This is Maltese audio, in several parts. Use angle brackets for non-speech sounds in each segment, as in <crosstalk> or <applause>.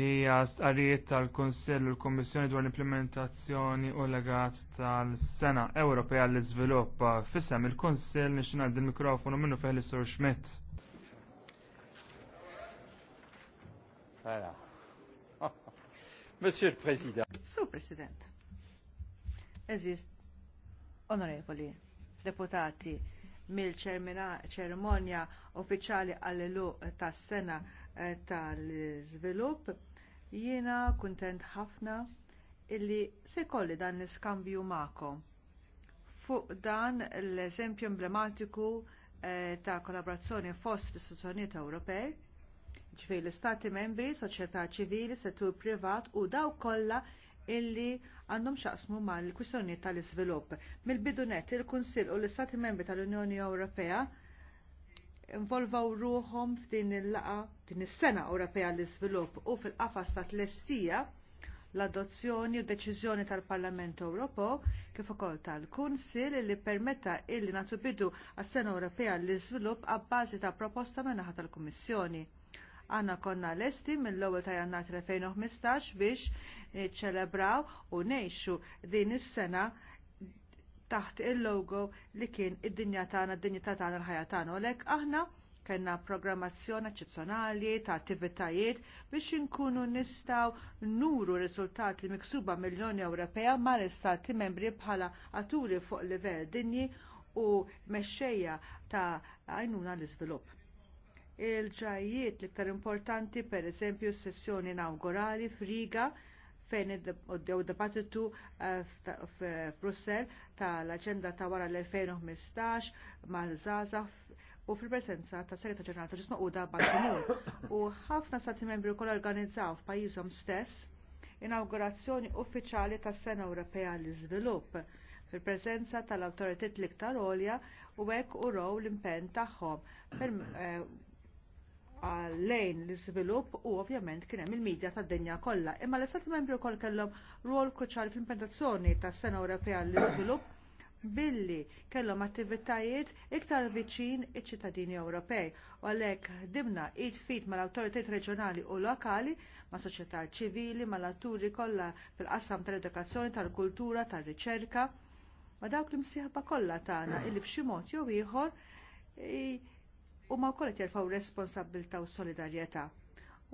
hija stqarrijiet tal-Kunsill u l-Kummissjoni dwar l-implementazzjoni u legat tal-Sena Ewropea l iżvilupp fissem il-Kunsill nixi ngħaddi l-mikrofonu minnu fih sur Schmidt. <laughs> Monsieur le Président. Sur President. Eżist, onorevoli, deputati, mill-ċermonja uffiċjali għall-ilu tas-sena tal-iżvilupp. Jiena kuntent ħafna illi se jkolli dan l-iskambju magħkom. Fuq dan l-eżempju emblematiku eh, ta' kollaborazzjoni fost l-istituzzjonijiet Ewropej, ġifieri l-Istati membri, soċjetà ċivili, settur privat u dawk kollha illi għandhom xaqsmu mal kwistjonijiet tal-iżvilupp. Mill-bidu nett, il-Kunsill u l-Istati membri tal-Unjoni Ewropea involvaw ruhom f'din il-laqa din is-sena Ewropea l iżvilupp u fil-qafas ta' tlestija l-adozzjoni u deċiżjoni tal-Parlament Ewropew kif ukoll tal kunsil li permetta illi nagħtu bidu għas-Sena Ewropea l iżvilupp għabbażi ta' proposta min-naħa tal-Kummissjoni. Għanna konna lesti mill-ewwel ta' Jannar 2015 biex ċelebraw u ngħixu din is-sena taħt il-logo li kien id-dinja tagħna, id-dinjità tagħna, l-ħajja tagħna. Olek aħna kellna programmazzjoni eċċezzjonali ta' attivitajiet biex inkunu nistgħu nuru riżultati miksuba mill-Unjoni Ewropea mal-Istati membri bħala aturi fuq livell dinji u mexxejja ta' għajnuna l-iżvilupp. Il-ġajiet l-iktar importanti pereżempju s-sessjoni inaugurali f'Riga fejn iddew dibattitu eh, f'Brussell tal-aġenda ta' wara l-2015 mal-Zaza u fil-presenza ta' Segretar Ġenerali ta' Ġisma Uda Bankimun. U ħafna stati membri kol organizzaw f'pajjiżhom stess inaugurazzjoni uffiċjali tas sena Ewropea l-Iżvilupp fil-preżenza tal autoritet l-iktar għolja u hekk raw l-impenn tagħhom eh, lejn l-iżvilupp u ovvjament kien hemm il-medja tad-dinja kollha. Imma l-Istati Membri wkoll kellhom rwol kruċjali fl-implementazzjoni tas-Sena Ewropea l-iżvilupp billi kellhom attivitajiet iktar viċin iċ-ċittadini Ewropej u għalhekk dibna id fit mal-awtoritajiet reġjonali u lokali ma' soċjetà ċivili, mal-atturi kollha fil-qasam tal-edukazzjoni, tal-kultura, tar-riċerka ma' dawk l-imsieħba kollha tagħna illi b'xi mod jew ieħor u ma wkoll qed jerfgħu responsabilità u solidarjetà.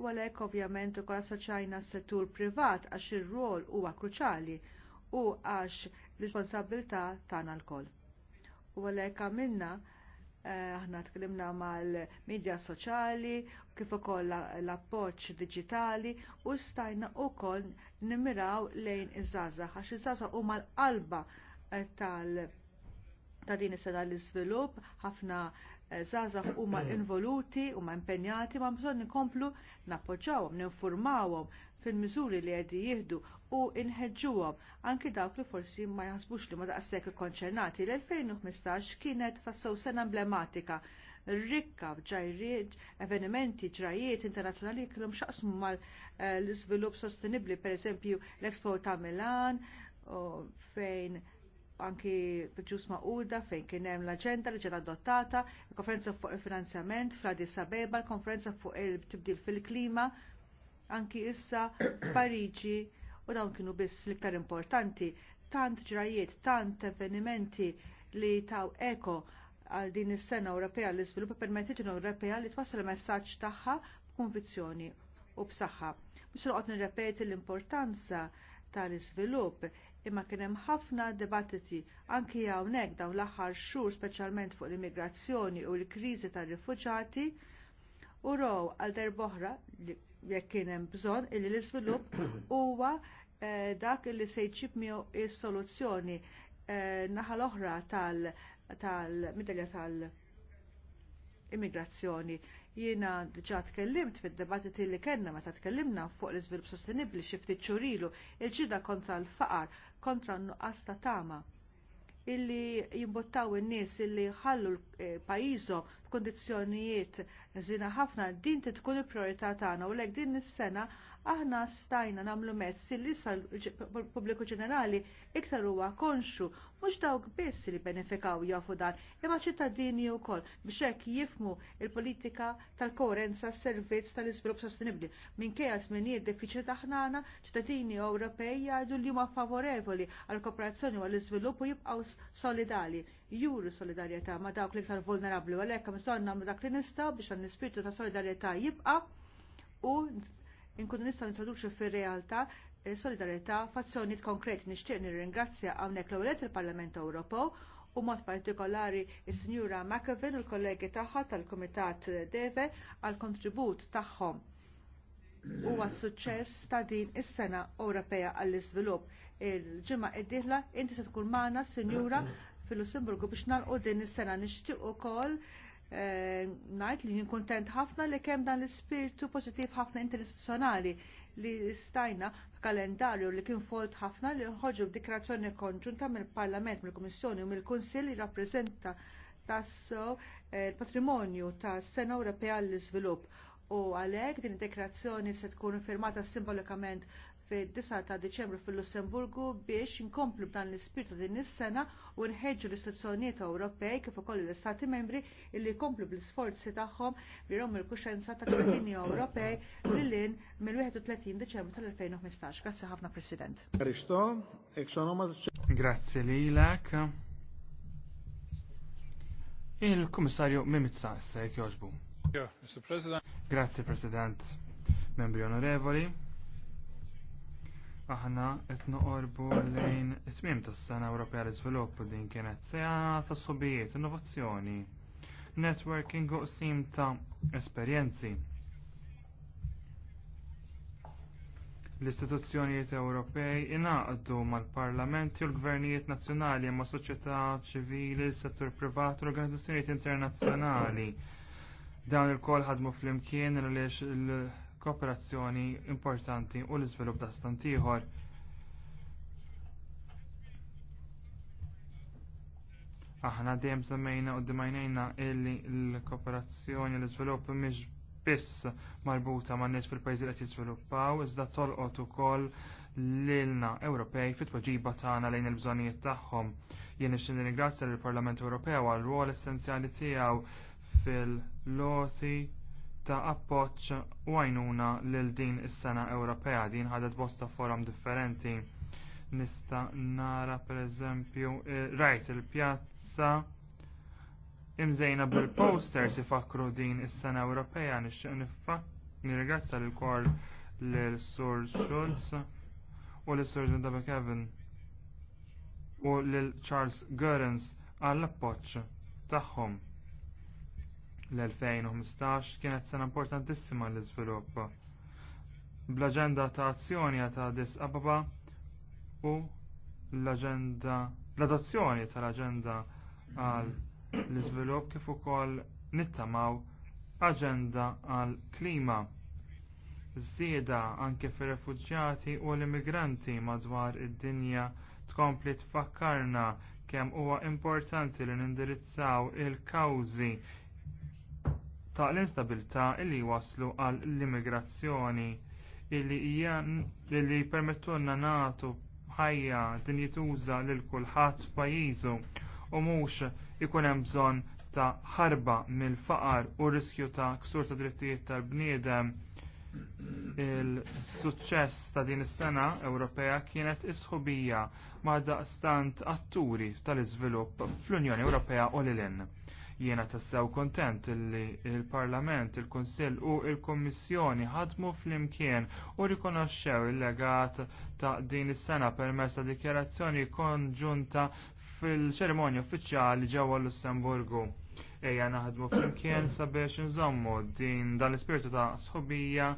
U għalhekk ovvjament ukoll soċajna s-settur privat għax ir-rol huwa kruċali u għax l-responsabilità tagħna lkoll. U għalhekk għamilna eh, aħna tkellimna mal-medja soċjali, kif ukoll l-appoġġ digitali, u stajna wkoll nimmiraw lejn iż-żgħażagħ għax iż-żgħażagħ huma l-qalba eh, tal- ta' din is-sena l-iżvilupp, ħafna eh, żgħażagħ huma <clears throat> involuti, huma impenjati, ma bżonn nkomplu nappoġġawhom, ninfurmawhom fil-miżuri li qed jieħdu u inħeġġuhom anki dawk li forsi ma jaħsbux li ma daqshekk ikkonċernati. L-2015 kienet tassew sena emblematika rikka ġajriet, avvenimenti, ġrajiet internazzjonali kellhom xaqsmu mal eh, l-iżvilupp sostenibbli, pereżempju l-Expo ta' Milan, fejn anki ġus maquda fejn kien hemm l-aġenda li ġiet adottata, il-konferenza fuq il-finanzjament fl-Addis Abeba, l konferenza fuq il-tibdil fil-klima, anki issa <coughs> Pariġi u dawn kienu biss l-iktar importanti, tant ġrajiet, tant avvenimenti li taw eko għal din is-sena Ewropea l iżvilupp permettit l Ewropea li twassal il-messaġġ tagħha b'konvizzjoni u b'saħħa. Mhux noqgħod nirrepeti l-importanza tal-iżvilupp imma kien hemm ħafna dibattiti anki hawnhekk dawn l-aħħar xhur speċjalment fuq l-immigrazzjoni u l-kriżi tar-rifuġati u row għal darb'oħra jekk kien hemm bżonn illi l-iżvilupp <coughs> huwa eh, dak li se jġib miegħu s soluzzjoni eh, naħa l-oħra tal tal tal-immigrazzjoni jiena diġa' tkellimt fid-debattiti li kellna meta tkellimna fuq l-iżvilupp sostenibbli xi ftit xurilu il-ġida kontra l-faqar kontra nuqqas ta' tama illi jimbottaw in-nies illi ħallu eh, pajjiżhom f'kundizzjonijiet Zina ħafna din tkun il-priorità tagħna u lek din is-sena aħna stajna nagħmlu mezz li sal pubbliku ġenerali iktar huwa konxu mhux dawk biss li benefikaw jafu dan imma ċittadini wkoll biex hekk jifmu l politika tal-koerenza s-servizz tal-iżvilupp sostenibbli. Minkejja żminijiet diffiċli taħnana, ċittadini Ewropej jgħidu li huma favorevoli għall kooperazzjoni u għall-iżvilupp u jibqgħu solidali juru solidarjetà ma' dawk l-iktar vulnerabbli għalhekk hemm bżonn nagħmlu dak li nistgħu biex l-ispirtu ta' solidarjetà jibqa' u nkunu nistgħu nintroduċu fir-realtà eh, solidarjetà f'azzjonijiet konkreti nixtieq nirringrazzja hawnhekk l-ewwel il-Parlament Ewropew u mod partikolari is-Sinjura McAvin u l-kollegi tagħha tal-Kumitat Deve għal kontribut tagħhom u għas-suċċess ta' din is-sena Ewropea għall-iżvilupp il-ġimgħa id-dieħla inti se tkun magħna Sinjura fil-Lussemburgu biex nagħlqu din is-sena nixtieq ukoll Eh, ngħid li jien ħafna li kemm dan l-ispirtu pożittiv ħafna interistituzzjonali li stajna kalendarju li kien folt ħafna li nħoġġu b'dikrazzjoni konġunta mill-Parlament, mill-Kummissjoni u mill-Kunsill li rappreżenta tasso il-patrimonju eh, tas sena Ewropea l-iżvilupp u għalhekk din id-dekrazzjoni se tkun firmata simbolikament fid-9 ta' Deċembru fil-Lussemburgu biex inkomplu dan l-ispirtu din is-sena u nħeġġu l-istituzzjonijiet Ewropej kif ukoll l-Istati membri illi jkomplu bl-isforzi tagħhom birhom jrom il-kuxenza ta' ċittadini Ewropej lilin mill-31 Deċembru tal-2015. Grazzi ħafna President. Grazzi lilek. Il-Kummissarju Mimica se jogħġbu. Grazie President, membri onorevoli aħna qed noqorbu lejn it-tmiem tas-Sena Ewropea l-Iżvilupp din kienet sena ta' subijiet, innovazzjoni, networking u qsim ta' esperjenzi. L-istituzzjonijiet Ewropej ingħaqdu mal-parlamenti u l-gvernijiet nazzjonali imma soċjetà ċivili, settur privat u l-organizzazzjonijiet internazzjonali. Dawn il-kol ħadmu flimkien għaliex kooperazzjoni importanti u l-iżvilupp ta' stantiħor. Aħna dejjem semmejna u dimajnejna illi l-kooperazzjoni l-iżvilupp mhix biss marbuta ma' nies fil-pajjiżi qed jiżviluppaw, iżda tolqot ukoll lilna Ewropej fit-tweġiba tagħna lejn il-bżonnijiet tagħhom. Jien ixtieq nirringrazzja lill-Parlament Ewropew għal rwol essenzjali tiegħu fil-loti ta' appoġġ u għajnuna lil din is-sena Ewropea din ħadet bosta forum differenti. Nista nara pereżempju eh, rajt il-pjazza imżejna bil-posters ifakru din is-sena Ewropea nixtieq nifakk nirgazza lil Sur Schulz u lil Sur Linda Kevin u lil Charles Görens għall-appoġġ tagħhom. L-2015 kienet sena importantissima l-iżvilupp. Bl-aġenda ta' azzjoni ta' Addis Ababa u l l-adozzjoni tal-aġenda għal l-iżvilupp kif ukoll nittamaw aġenda għal klima. Żieda anke fir-refuġjati u l-immigranti madwar id-dinja tkompli tfakkarna kemm huwa importanti li nindirizzaw il-kawżi ta' l-instabilità illi waslu għal l-immigrazzjoni illi illi nagħtu ħajja dinjituża lil kulħadd f'pajjiżu u mhux ikun hemm bżonn ta' ħarba mill-faqar u riskju ta' ksur ta' drittijiet tal-bniedem il-suċċess ta' din is-sena Ewropea kienet isħubija ma' daqstant atturi tal-iżvilupp fl-Unjoni Ewropea u lil Jiena tassew kontent li il-Parlament, il-Kunsill u il-Kommissjoni ħadmu flimkien u rikonoxxew il-legat ta' din is-sena permezz ta' dikjarazzjoni konġunta fil-ċerimonja uffiċjali ġewwa Lussemburgu. Ejja naħdmu flimkien sabiex nżommu din dan l ispirtu ta' sħubija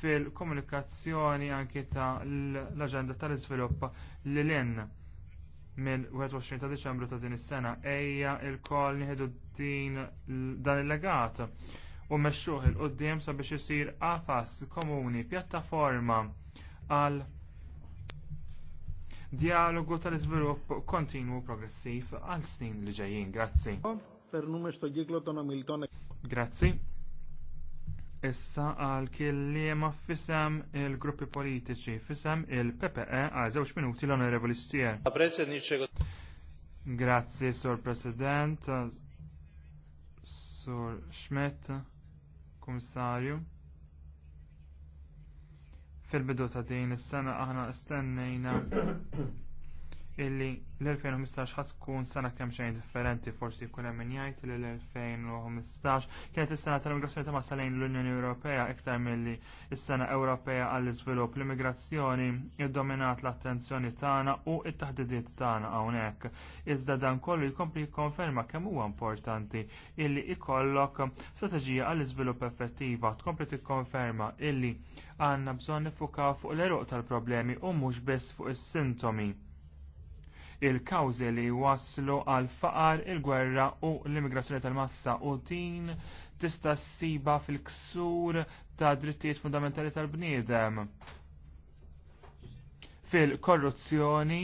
fil-komunikazzjoni anki ta' l-aġenda tal-iżvilupp li l minn 21 ta' Deċembru ta' din is-sena ejja l koll nieħdu din dan il-legat u mexxuh il-qudiem sabiex isir Afas komuni pjattaforma għal dialogu tal-iżvilupp kontinwu progressiv għal snin li ġejjin. Grazzi. Grazzi. Issa għal kelliema fisem il-gruppi politiċi, fisem il-PPE għal żewġ minuti l-Onorevoli Stier. Grazzi, Sur President, Sur Schmidt, Komissarju. Fil-bidu ta' din is-sena aħna stennejna illi l-2015 ħat tkun sena kemm xejn differenti forsi jkun hemm min jgħid li l-2015 kienet is-sena tal-immigrazzjoni ta' masalejn l-Unjoni Ewropea iktar milli is-sena Ewropea għall-iżvilupp l-immigrazzjoni iddominat l-attenzjoni tagħna u t-taħdidiet tagħna hawnhekk. Iżda dan kollu jkompli jikkonferma kemm huwa importanti illi ikollok strateġija għall-iżvilupp effettiva tkompli tikkonferma illi għandna bżonn nifukaw fuq l-eruq tal-problemi u mhux biss fuq is-sintomi il-kawżi li waslu għal faqar il-gwerra u l-immigrazzjoni tal-massa u din tista' ssiba fil-ksur ta' drittijiet fundamentali tal-bniedem. Fil-korruzzjoni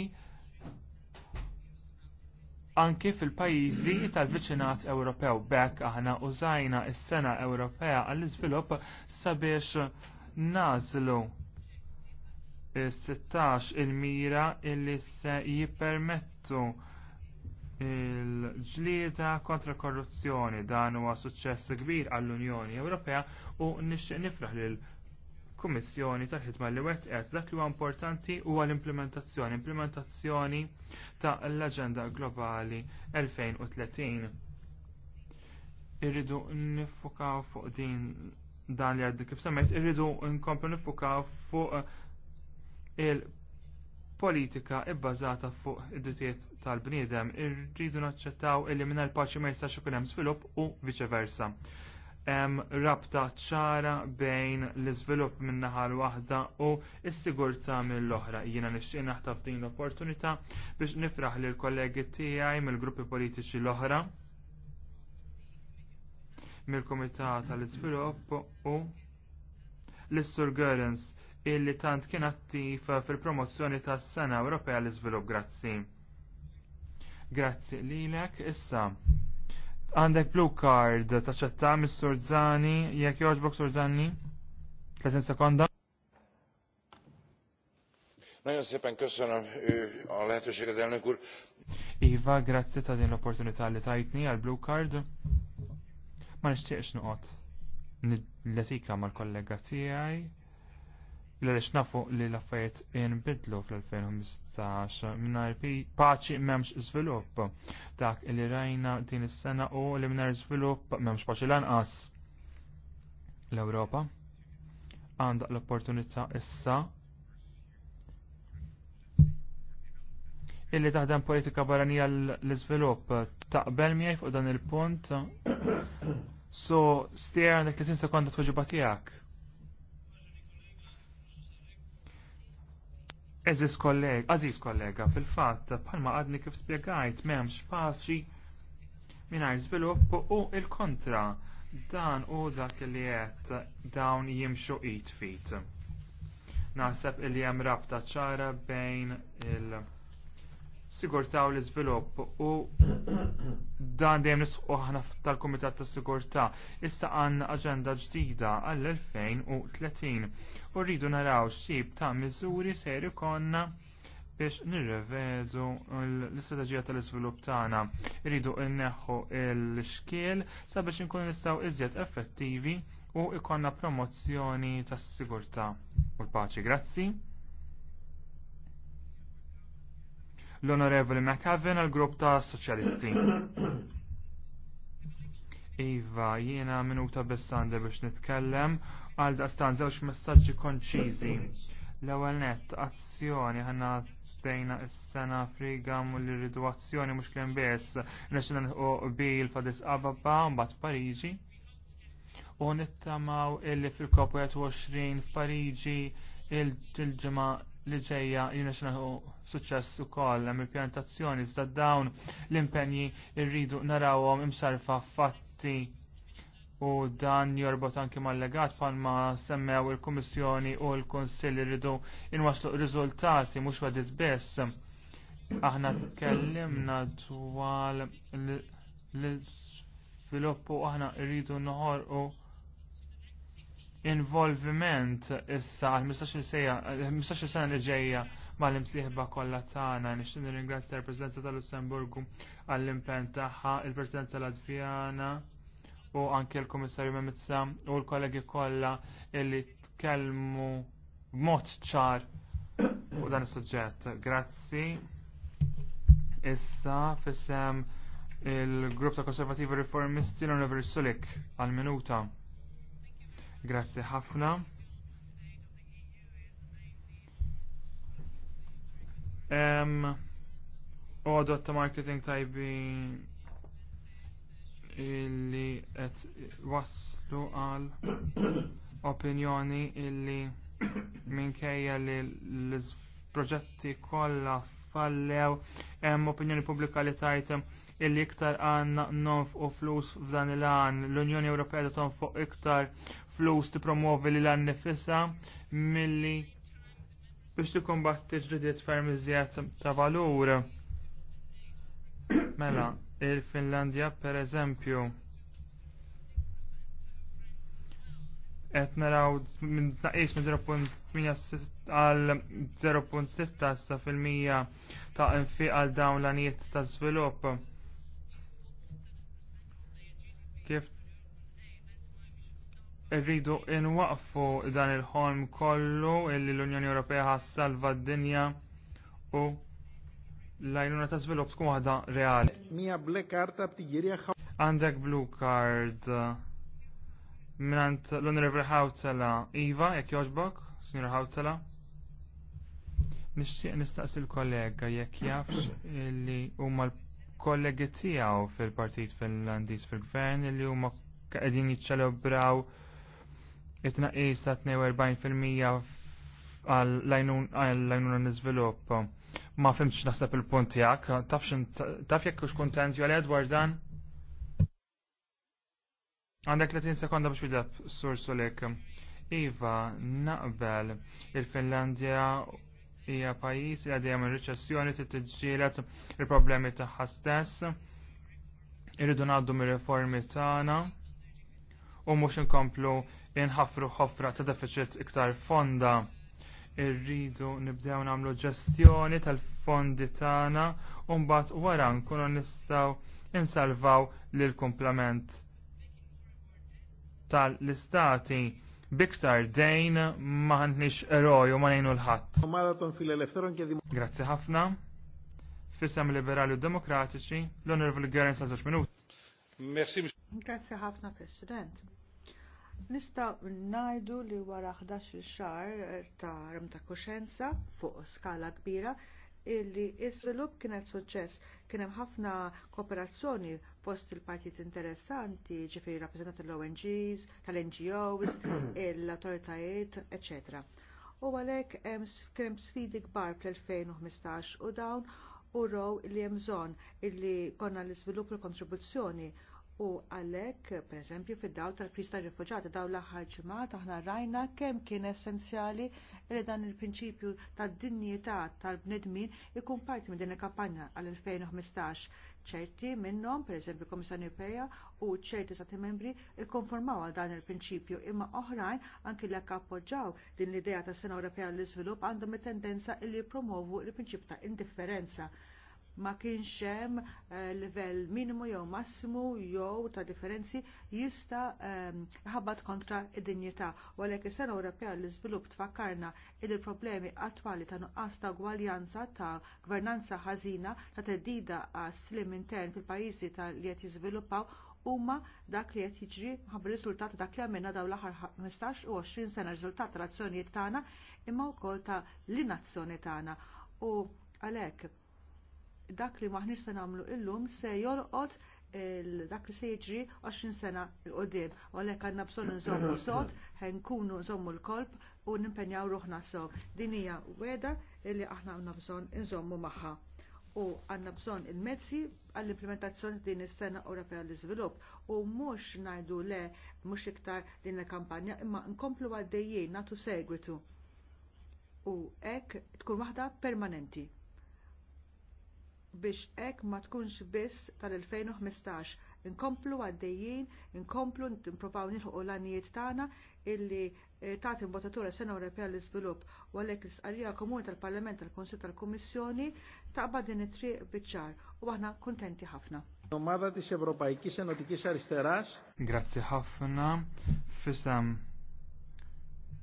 anki fil-pajjiżi tal-viċinat Ewropew bekk aħna użajna s-sena Ewropea għall-iżvilupp sabiex nażlu 16 il-mira illi se jippermettu il-ġlieda kontra korruzzjoni dan huwa suċċess kbir għall-Unjoni Ewropea u nixtieq nifraħ lil kummissjoni tal-ħidma li wettqet dak li huwa importanti huwa l-implementazzjoni, implementazzjoni ta' l-Aġenda Globali 2030. Irridu nifukaw fuq din dan li għaddi kif semmejt, irridu nkomplu nifukaw fuq il-politika ibbażata fuq id-drittijiet tal-bniedem irridu naċċettaw illi minn il-paċi ma jistax ikun hemm svilupp u viċeversa. Hemm rabta ċara bejn l-iżvilupp minn naħa waħda u s-sigurtà mill-oħra. Jiena nixtieq naħtaf din l-opportunità biex nifraħ lil kollegi tiegħi mill-gruppi politiċi l-oħra mill-Kumitat tal-Iżvilupp u l-Sur Görens illi tant kien attiv fil-promozzjoni tas sena Ewropea l iżvilupp grazzi. Grazzi lilek, issa. Għandek blue card ta' ċetta mis Surzani, jekk jogħġbok Surzani? 30 sekonda. Nagyon szépen köszönöm a lehetőséget, elnök úr. Iva, grazzi ta' din l-opportunità li tajtni għal blue card. Ma nixtieqx noqgħod. letika mal-kollega tiegħi l-għalix nafu li l-affarijiet jinbidlu fl-2015 minnar paċi memx zvilupp dak li rajna din is-sena u li minnar zvilupp memx paċi lanqas l-Ewropa għandha l-opportunità issa illi taħdem politika barranija l-izvilupp taqbel miegħi fuq dan il-punt <coughs> so stier għandek 30 sekonda tħoġiba tiegħek. Eżis kollega, aziz kollega, fil-fatt, bħalma għadni kif spiegajt, memx paċi minna jizvilupp u il-kontra dan u dak li jett dawn jimxu it fit. Naħseb il-jem rabta ċara bejn il- Sigurta' u l-iżvilupp u dan dejjem nisqu aħna tal-Kumitat tas-Sigurtà. Issa għandna aġenda ġdida għall-2030 u rridu naraw xib ta' miżuri ser ikonna biex nirrevedu l-istrateġija tal-iżvilupp tagħna. Rridu nneħħu l-xkiel sabiex inkunu nistgħu iżjed effettivi u ikonna promozzjoni tas-sigurtà u l-paċi. Grazzi. l-Onorevoli McAven għal grupp ta' Soċjalisti. Iva, jiena minuta bissander biex nitkellem għal daqstan żewġ messaġġi konċiżi. L-ewwel nett azzjoni ħanna bdejna s-sena friga li rridu azzjoni mhux kien biss national u bil fadis Ababa bat Pariġi. U nittamaw illi fil kopu 20 f'Pariġi il-ġimgħa li ġejja jina suċess u koll l pjantazzjoni iżda dawn l-impenji irridu narawhom imsarfa fatti u dan jorbot anki mal-legat ma semmew il-Kummissjoni u l-Konsill irridu inwaslu riżultati mhux wadit biss. Aħna tkellimna dwar l-sviluppu aħna irridu u involviment issa għal-15 sena li ġejja mal-imsieħba kollha tagħna nixtieq nirringrazzja l-Presidenza tal-Lussemburgu għall-impenn tagħha, il-Presidenza Latvjana u anke l-Kummissarju Memitsa u l-kollegi kollha illi tkellmu mod ċar fuq dan is-suġġett. Grazzi. Issa fissem il-grupp ta' konservativi riformisti l universulik għal-minuta. Grazzi ħafna. Um, o ta' marketing tajbi illi et waslu għal opinjoni illi minkejja li l-proġetti kollha fallew opinjoni publika li tajtem illi iktar għanna nof u flus f'dan il-għan. L-Unjoni Ewropea tom fuq iktar flus ti promuovi li l-għan nifissa milli biex ti kombatti ġridiet ferm iżjed ta' valur. Mela, il-Finlandja per eżempju. qed naraw minn tnaqis minn 0.8 għal 0.6 fil-mija ta' infiq għal dawn l-anijiet ta' żvilupp kif irridu inwaqfu dan il-ħolm kollu illi l-Unjoni Ewropea ħassalva d-dinja u l-għajnuna ta' svilup tkun waħda reali. Mija black card ta' Għandek blue card minant l-Honorable Hawtala Iva, jek joġbok, Signor Hawtala. Nishtiq nistaqsi l-kollega jekk jafx illi huma l kollegi tiegħu fil-Partit Finlandiż fil-Gvern li huma qegħdin jiċċelebraw it-tnaqqis ta' 42% għall lajnuna l-iżvilupp. Ma fimx naħseb il-punt tiegħek, taf jekk hux kuntent jew Edward dan? Għandek 30 sekonda biex widab sur sulek. Iva, naqbel il-Finlandja hija pajjiż li għaddejja minn riċessjoni titġielet il-problemi tagħha stess. Irridu ngħaddu mir-riformi tagħna u mhux inkomplu inħafru ħofra ta' deficit iktar fonda. Irridu nibdew nagħmlu ġestjoni tal-fondi tagħna u mbagħad wara nkunu nistgħu insalvaw lil komplement tal-istati biktar dejn ma ħandniex eroj u ma nejnu l-ħadd. Grazzi ħafna. Fissam Liberali u Demokratiċi, l-Onorevoli Gerens għal żewġ minuti. Merci. Grazzi ħafna, President. Nista' ngħidu li wara 11 xahar eh, ta' rem ta' kuxenza fuq skala kbira illi is svilupp kienet suċċess kien hemm ħafna kooperazzjoni fost il-partijiet interessanti, ġifiri rappresentat l-ONGs, tal-NGOs, <coughs> l-autoritajiet, etc. U għalek hemm sfidi kbar fl-2015 u dawn u row li jemżon illi konna l-izvilup l-kontribuzzjoni U għalhekk, pereżempju, fid-dawl tal-kriż tar-rifuġjati daw l-aħħar ġimgħat aħna rajna kemm kien essenzjali li dan il-prinċipju tad-dinjità tal-bnedmin ikun parti minn din il-kampanja għal-2015. ċerti minnhom, pereżempju Komissarju Ewropea u ċerti stati membri ikkonformaw għal dan il-prinċipju imma oħrajn anki li appoġġaw din l-idea tas-Sena Ewropea l-Iżvilupp għandhom it-tendenza li jippromovu l-prinċipju ta' indifferenza ma kienx hemm eh, livell minimu jew massimu jew ta' differenzi jista ehm, ħabbat kontra id-dinjità. U għalhekk is-sena Ewropea l-iżvilupp tfakkarna il-problemi attwali ta' nuqqas ta' gwaljanza ta' gvernanza ħażina ta' teddida għas slim intern fil-pajjiżi ta' li qed jiżviluppaw huma dak li qed jiġri ħab riżultat dak li għamilna dawn l-aħħar 15 u 20 sena riżultat tal-azzjonijiet tagħna imma wkoll ta' l-inazzjoni tagħna. U għalhekk dak li maħniġ se nagħmlu illum se jorqot dak li se jiġri 20 sena l-qoddim. U għalek għandna bżonn nżommu <coughs> sod, nkunu nżommu l-kolb u nimpenjaw ruħna sew. Din hija għeda li aħna għandna bżonn nżommu magħha. U għandna bżonn il-mezzi għall-implementazzjoni din is-sena Ewropea l-iżvilupp u mhux ngħidu le mhux iktar din il-kampanja imma nkomplu għaddejjin nagħtu segwitu. U hekk tkun waħda permanenti biex hekk ma tkunx biss tal-2015. Inkomplu għaddejjin, inkomplu nimpruvaw nilħu l-għanijiet tagħna illi eh, tagħti votatura sena Ewropea l iżvilupp u għalhekk l-istqarrija komuni tal-Parlament tal-Konsil tal-Kummissjoni taqba din it-triq biċ-ċar u aħna kuntenti ħafna. Grazzi ħafna. Fisem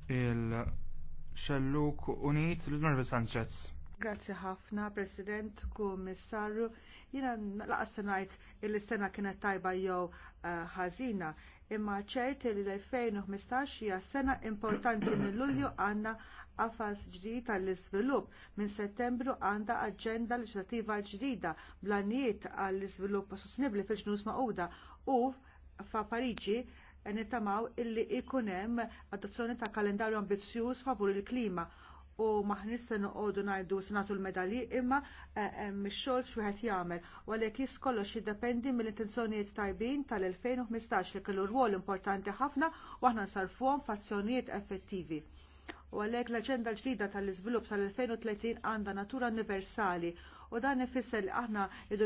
il-xelluk unit l-Norve Sanchez. Grazzi ħafna, President, Kummissarju. Jina laqas najt il-sena kienet tajba jew eh, ħażina, imma ċert li l-2015 hija sena importanti minn Lulju għandna għafas ġdid tal-iżvilupp. Minn Settembru għandha aġenda leġislattiva ġdida blanijiet għall-iżvilupp sostenibbli fil-ġnus maquda u fa' Pariġi eh, nittamaw illi ikun hemm adozzjoni ta' kalendarju ambizzjuż favur il-klima u maħnis se noqogħdu ngħidu se nagħtu l-medalji imma mxol xuħet jgħamil. U jagħmel u għalhekk dependi jiddependi mill-intenzjonijiet tajbin tal-2015 li kellu rwol importanti ħafna u aħna nsarfuhom f'azzjonijiet effettivi u għalhekk l aġenda ġdida tal izvilup tal-2030 għandha natura universali u dan ifisser li aħna idu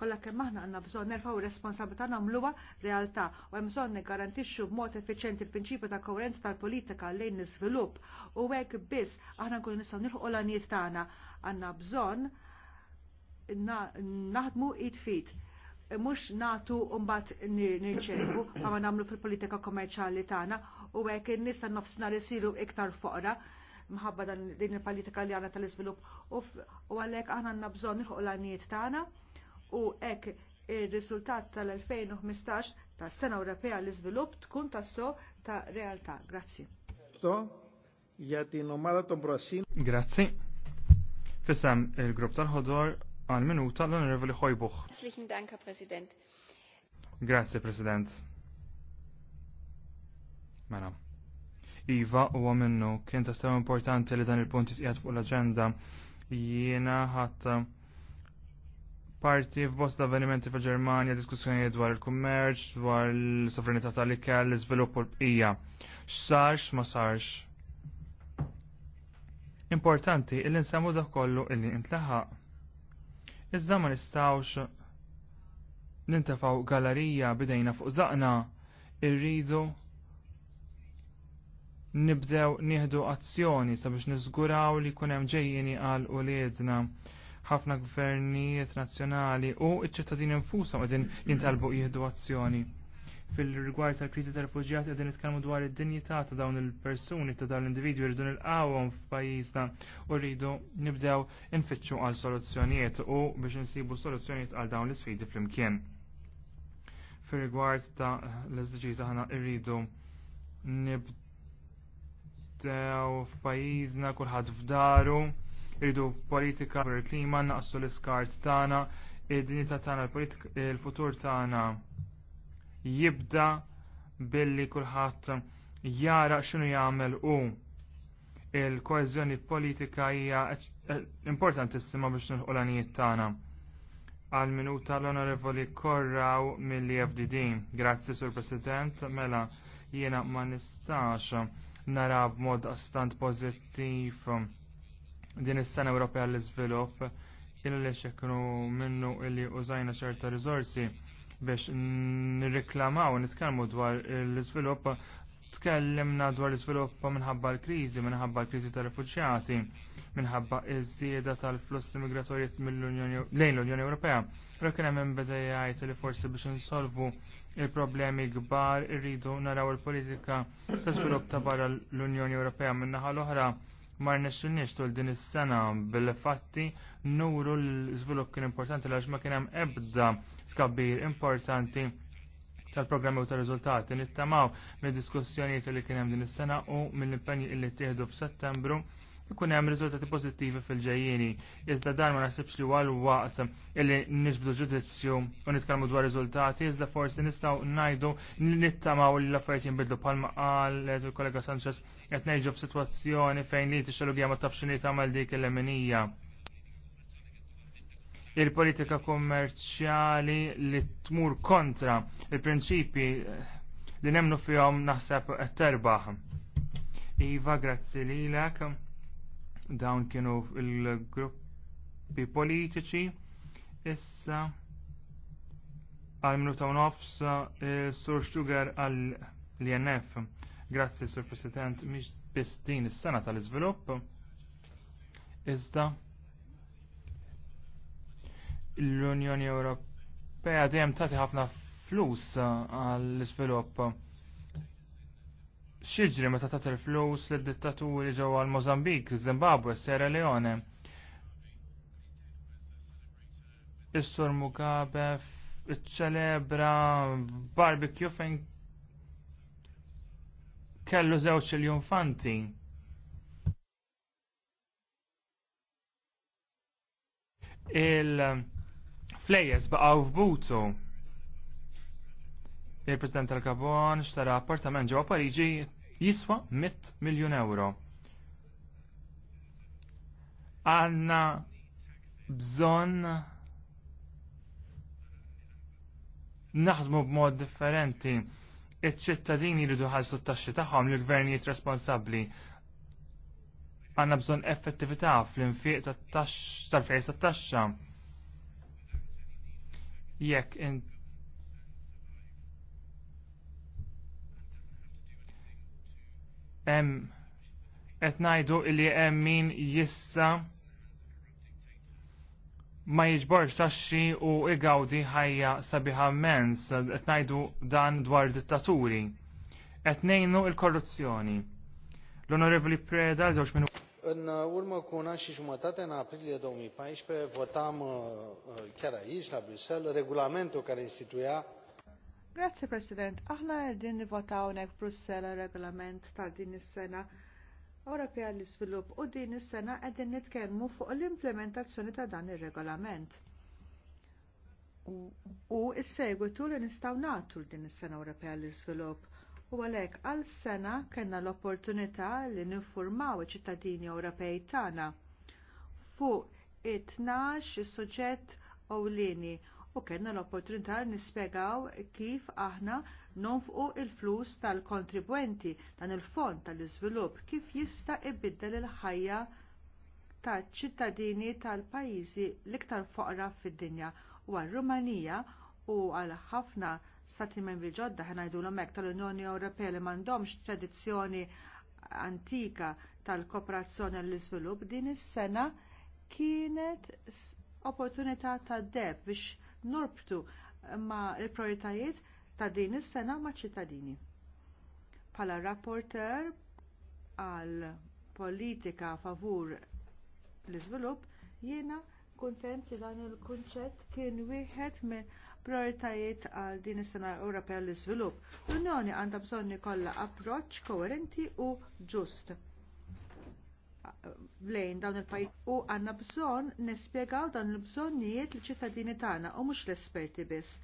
kollha kemm aħna għandna bżonn nerfgħu responsabilità nagħmluha realtà u hemm bżonn niggarantixxu b'mod effiċjenti l-prinċipju ta' koerenza tal-politika lejn l-iżvilupp u hekk biss aħna nkunu nistgħu nilħu l-għanijiet tagħna għandna bżonn naħdmu id fit mux natu umbat nirċervu għama namlu fil-politika komerċali tagħna u għek nista nofsna risiru iktar foqra mħabba dan din il-politika li għana tal izvilup u għalhekk aħna għanna bżonn nilħuq l-għanijiet tagħna u hekk il riżultat tal-2015 tas-Sena Ewropea l izvilup tkun tasso ta' realtà. Grazzi. Grazzi. Fissam il-grupp tal-ħodor għal minuta l-Onorevoli ħojbuħ. Slichin danka, President. Grazie, President. Madam. Iva u minnu. Kien ta' staw importanti li dan il-punt jisqiegħed fuq l-aġenda. Jiena ħadd parti f'bost avvenimenti fil-Ġermanja, diskussjoni dwar il-kummerċ, dwar l-sovranità tal-ikel, l-iżvilupp u l-bqija. X'sarx ma sarx. Importanti illi nsemmu dak kollu illi intlaħa. Iżda ma nistawx nintafaw galerija bidejna fuq zaqna irridu nibdew nieħdu azzjoni sabiex niżguraw li jkun hemm ġejjini għal u liedna ħafna gvernijiet nazzjonali u ċ-ċittadini nfushom qegħdin jintalbu jieħdu azzjoni. Fil-rigward tal-kriżi tal-refuġjati qegħdin nitkellmu dwar id-dinjità ta' dawn il-persuni ta' dawn l-individwi rridu nilqawhom f'pajjiżna u rridu nibdew infittxu għal soluzzjonijiet u biex insibu soluzzjonijiet għal dawn l-isfidi flimkien. Fil-rigward ta' l-SDGs aħna rridu nibdew u f'pajjiżna kulħadd f'daru, irridu politika per klima naqsu l-iskart tagħna, id-dinjità tagħna l-futur tagħna jibda billi kulħadd jara x'inhu jagħmel u l koeżjoni politika hija importantissima biex nilħu l-għanijiet tagħna. Għal minuta l-onorevoli Korraw mill-FDD. Grazzi, Sur President. Mela, jiena ma nistax nara b'mod astant pozittiv din is-sena Ewropea l-iżvilupp illi xeknu minnu illi użajna ċerta riżorsi biex nirriklamaw nitkellmu dwar l-iżvilupp tkellimna dwar l-iżvilupp minħabba l-kriżi minħabba l-kriżi tar rifuġjati minħabba iż-żieda tal-fluss migratorji lejn l-Unjoni Ewropea. Pero kien hemm bdejjajt li forsi biex insolvu il-problemi kbar irridu naraw il-politika ta' żvilupp ta' barra l-Unjoni Ewropea min-naħa l-oħra ma rnexxinniex tul din is-sena bil-fatti nuru l-żvilupp kien importanti għax ma kien hemm ebda skabbir importanti tal-programmi u tal-riżultati. Nittamaw mid diskussjonijiet li kien hemm din is-sena u mill-impenji li tieħdu f'Settembru ikun hemm riżultati pożittivi fil-ġejjieni. Iżda dan ma naħsibx li għal waqt illi nisbdu ġudizzju u nitkellmu dwar riżultati, iżda forsi nistgħu ngħidu nittamaw li l-affarijiet jinbidlu bħalma qalet il-kollega Sanchez qed ngħidu f'sitwazzjoni fejn li tixologija ma tafx li tagħmel dik il-leminija. Il-politika kommerċjali li tmur kontra il-prinċipi eh, li nemnu fihom naħseb terbaħ. Iva, grazzi lilek dawn kienu il-gruppi politiċi issa għal minuta u nofs eh, sur Sugar għal l-INF. Grazzi sur President, miex biss din is-sena tal-iżvilupp. izda l-Unjoni Ewropea dejjem tagħti ħafna flus eh, għall-iżvilupp xieġri meta ta' l-flus lid dittaturi ġo għal mozambik Zimbabwe, Sierra Leone. Is-Sur Mugabe iċċelebra barbecue fejn kellu żewġ il-junfanti. il-flejes baqaw f'butu il-President tal-Gabon xtara appartament ġewwa Pariġi jiswa 100 miljun euro. Għanna bżonn naħdmu b'mod differenti. Iċ-ċittadini li tuħalsu t-taxxi tagħhom li gvernijiet responsabbli għandna bżonn effettività fl-infiq tal-fejs tat-taxxa. Jekk hemm etnajdu illi li min jissa ma jiġborx taxxi u igawdi ħajja sabiħa mens etnajdu dan dwar dittaturi. Qed il korruzzjoni L-Onorevoli Preda, zewx minu. În urmă cu un an și jumătate, în aprilie 2014, votam uh, uh, chiar aici, la Bruxelles, regulamentul care instituia Grazzi President, aħna din nivotaw nek Brussela regolament ta' din is-sena Ewropea l isvilupp u din is-sena qegħdin nitkellmu fuq l-implementazzjoni ta' dan ir-regolament. U s-segwitu li nistgħu nagħtu din is-sena Ewropea l isvilupp u għalhekk għal sena kellna l-opportunità li nifurmaw ċittadini Ewropej tagħna fuq it-tnax is-suġġett ewlieni u kellna l-opportunità nispjegaw kif aħna nonfqu l flus tal-kontribwenti dan il-fond tal-iżvilupp kif jista' jbiddel il-ħajja taċ ċittadini tal-pajjiżi l-iktar foqra fid-dinja u għal-Rumanija u għal ħafna stati membri ġodda ħanajdulhom hekk tal-Unjoni Ewropea li m'għandhomx tradizzjoni antika tal-kooperazzjoni l-iżvilupp din is-sena kienet opportunità ta' deb biex norbtu ma' il-prioritajiet ta' din is-sena ma' ċittadini. Pala rapporter għal politika favur l-iżvilupp jiena kuntent li dan il-kunċett kien wieħed minn prioritajiet għal din is-sena Ewropea l-iżvilupp. L-Unjoni għandha bżonn ikollha approċċ koerenti u ġust lejn dawn il-pajjiż u għandna bżonn nespjegaw dawn il-bżonnijiet l-ċittadini tagħna u mhux l-esperti biss.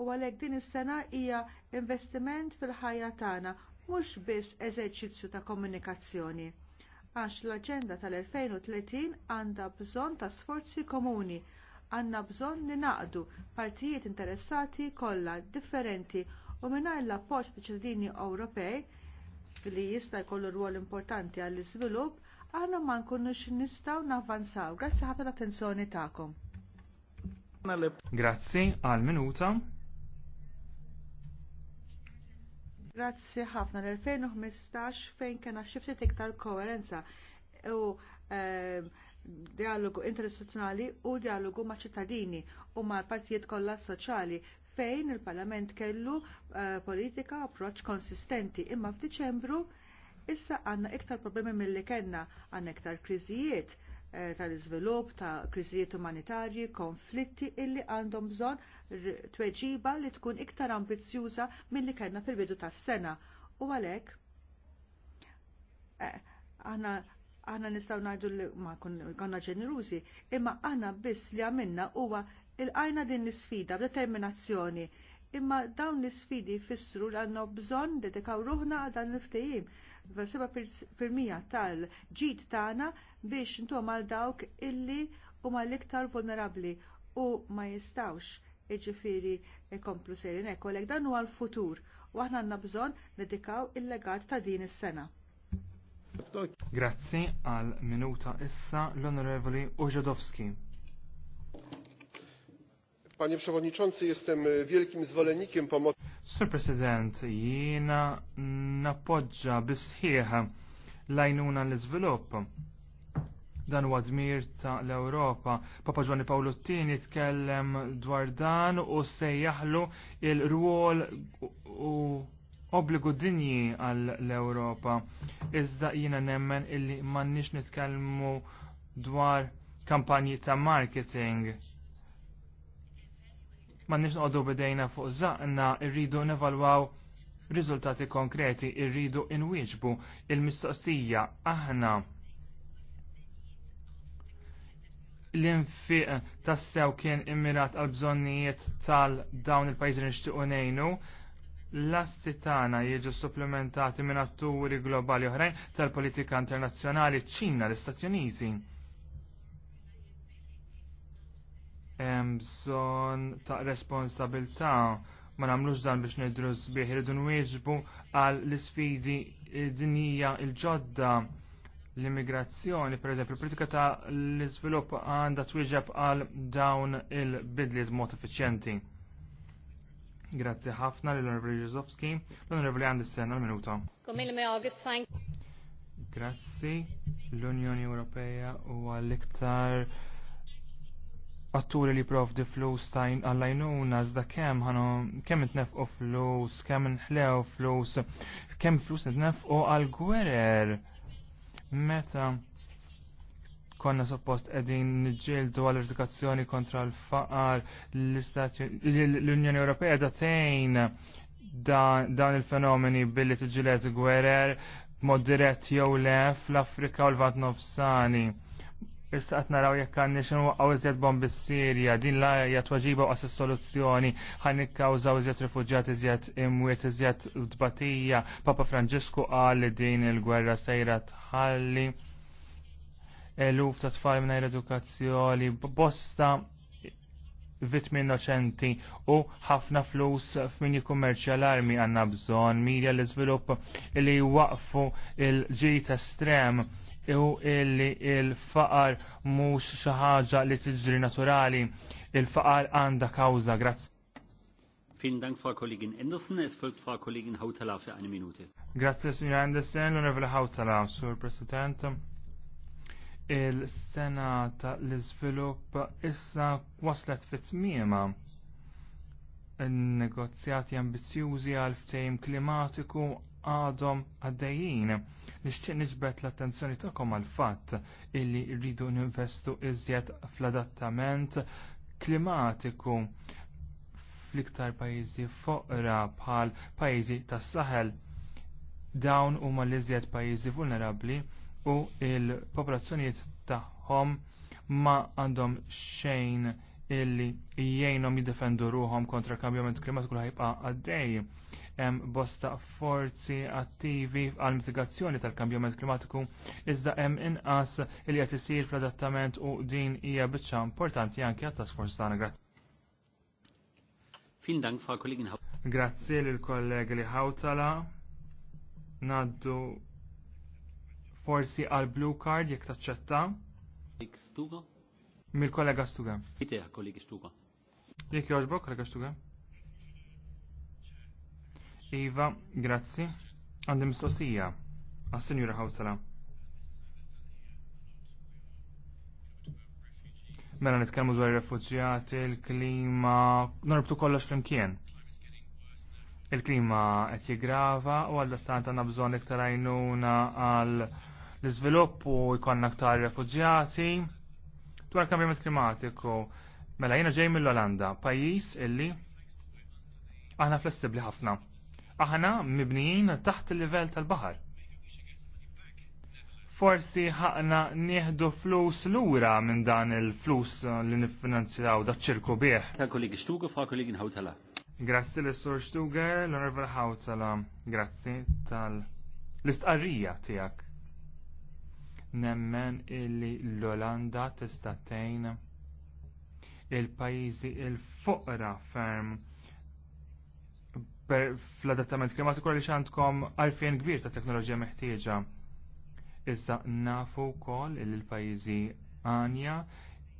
U għalhekk din is-sena hija investiment fil-ħajja tagħna mhux biss eżerċizzju ta' komunikazzjoni għax l-aġenda tal-2030 għandha bżonn ta' sforzi komuni għanna bżonn li naqdu partijiet interessati kollha differenti u mingħajr l-appoġġ ta' ċittadini Ewropej li jista' jkollu rwol importanti għall iżvilupp aħna ma nkunux nistgħu navvanzaw. Grazzi ħafna l-attenzjoni tagħkom. Grazzi għal minuta. Grazzi ħafna l-2015 fejn kena xifti iktar koerenza u ehm, dialogu interistituzzjonali u dialogu ma' ċittadini u mal partijiet kollha soċjali fejn il-Parlament kellu eh, politika approċċ konsistenti imma f'Diċembru Issa għandna iktar problemi mill-li kellna għanna iktar kriżijiet eh, tal-iżvilupp, ta' kriżijiet umanitarji, konflitti illi għandhom bżonn tweġiba li tkun iktar ambizzjuża milli kellna fil-bidu tas-sena. U għalhekk eh, aħna aħna nistgħu ngħidu li ma konna ġenerużi, imma aħna biss li għamilna huwa il-għajna din l-isfida b'determinazzjoni imma dawn l isfidi jfissru li għanna bżonn dedikaw ruħna għal dan l-ftehim 7% tal-ġid tagħna biex intuhom għal dawk illi huma l-iktar vulnerabbli u ma jistawx iġifieri jkomplu sejrin hekk għalhekk dan huwa l-futur u aħna għandna bżonn nedikaw il-legat ta' din is-sena. Grazzi għal minuta issa l-Onorevoli Użodowski. Panie Przewodniczący, jestem wielkim zwolennikiem pomocy. Sur President, jiena nappoġġa bisħieħ lajnuna l-iżvilupp. Dan huwa dmir ta' l-Ewropa. Papa Ġwani Pawlu Tini jitkellem dwar dan u se jaħlu il-rwol u obbligu dinji għall-Ewropa. Iżda jiena nemmen illi m'għandniex nitkellmu dwar kampanji ta' marketing ma nix noqdu bidejna fuq zaqna irridu nevalwaw riżultati konkreti, irridu inwieġbu il-mistoqsija aħna l-infiq tassew kien immirat għal bżonnijiet tal-dawn il-pajzi nixtiequ ngħinu, l-assi tagħna jiġu supplementati minn atturi globali oħrajn tal-politika internazzjonali ċina l-Istati Uniti hemm bżonn ta' responsabilità ma nagħmlux dan biex nidru sbieħ irridu nwieġbu għal l-isfidi dinija il-ġodda l-immigrazzjoni, per eżempju, politika ta' l-iżvilupp għandha twieġeb għal dawn il-bidliet mod effiċjenti. Grazzi ħafna l-Onorevoli Jozowski, l-Onorevoli Andersen għal-minuta. Grazzi, l-Unjoni Ewropea u għall-iktar atturi li di flus ta' għallajnuna zda kem ħano kem u flus, kem nħlew flus, kem flus u għal-gwerer. Meta konna suppost edin nġildu għal-edukazzjoni kontra l-faqar l-Unjoni Ewropea da tejn dan il-fenomeni billi tġilet gwerer mod dirett jew le fl-Afrika u l-Vat Nofsani Issa qed naraw jekk għandna xi nwaqgħu iżjed bombi s-Sirja, din la hija tweġiba is soluzzjoni ħan nikkawżaw iżjed rifuġġjati iżjed imwiet iżjed tbatija. Papa Franġisku qal li din il-gwerra sejra tħalli eluf ta' tfal mingħajr edukazzjoni bosta vittmi innoċenti u ħafna flus f'min jikkummerċja l-armi għandna bżonn mirja l-iżvilupp li waqfu il-ġit estrem u illi il-faqar mhux xi ħaġa li tiġri naturali, il-faqar għandha kawża. Grazzi. Fin Dank, fa' Kollegin Anderson. Es folgt fa' Kollegin Hautala fi għani minuti. Grazie, signor Anderson. L'onorevole Hautala, Sur President. Il-sena ta' l izvilup issa waslet fit il negozjati ambizjużi għal ftehim klimatiku għadhom għaddejjin Nixtieq nisbet l-attenzjoni tagħkom għal fatt illi rridu ninvestu iżjed fl-adattament klimatiku fl-iktar pajjiżi foqra bħal pajjiżi tas-Saħel dawn huma l-iżjed pajjiżi vulnerabbli u l popolazzjonijiet tagħhom ma għandhom xejn illi jgħinhom jiddefendu ruhom kontra kambjament klimatiku li ħajbqa' għaddej hemm bosta forzi attivi għal mitigazzjoni tal-kambjament klimatiku iżda hemm inqas li qed isir fl-adattament u din hija biċċa importanti anke għat-task force tagħna. Grazzi. Fin dank kollegin Grazzi lil kolleg li ħawtala. Naddu forsi għal blue card jekk taċċetta. Mil Mill-kollega Stuga. Fiteh kollegi Stuga. Jekk joġbok, kollega Stuga? Iva, grazzi. Għandim mistoqsija għas-Sinjura ħawsala. Mela nitkellmu dwar ir-refuġjati, il-klima, norbtu kollox flimkien. Il-klima qed jiggrava u għal stant għandna bżonn iktar għajnuna għal l-iżvilupp u jkollna aktar refuġjati. Dwar kambjament klimatiku, mela jiena ġej mill-Olanda, pajjiż illi aħna flessibbli ħafna Aħna mibnijin taħt il-livell tal-baħar. Forsi ħaqna nieħdu flus lura minn dan il-flus li niffinanzjaw da ċirku bieħ. Ta' kollegi Stuga fa' kollegi Nħawtala. Grazzi l-Istor Stuger, l-Onorevol Hawtala, grazzi tal-istqarrija tijak nemmen illi l-Olanda tista' tgħin il-pajjiżi l-foqra ferm fl-adattament klimatiku li għandkom għalfejn kbir ta' teknoloġija meħtieġa. Iżda nafu wkoll li l-pajjiżi għanja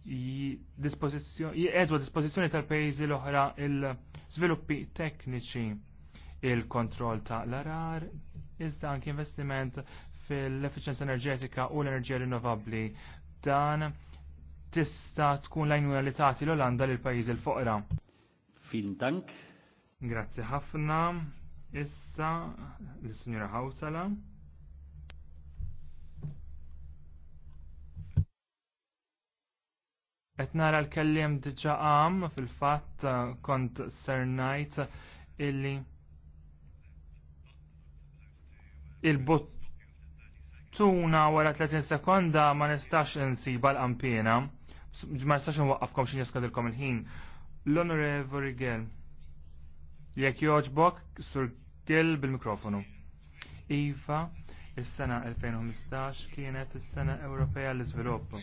jgħedwa dispożizzjoni tal-pajjiżi l-oħra il-żviluppi tekniċi il-kontroll ta' l-arar, iżda anki investiment fil-efficienza enerġetika u l-enerġija rinnovabbli dan tista' tkun lajnuna li tagħti l-Olanda lil pajjiżi l-foqra. Vielen Dank. Grazzi ħafna. Issa l-Sinjora Hawsala. Qed nara l-kellim diġà għam fil-fatt kont ser illi il-bottuna wara 30 sekonda ma nistax insiba l-qampina. Ma nistax nwaqqafkom xin jaskadilkom il-ħin. L-Onorevoli Rigel. Jekk joġbok, sur kell bil-mikrofonu. Iva, is-sena 2015 kienet is-sena Ewropea l-Iżvilupp.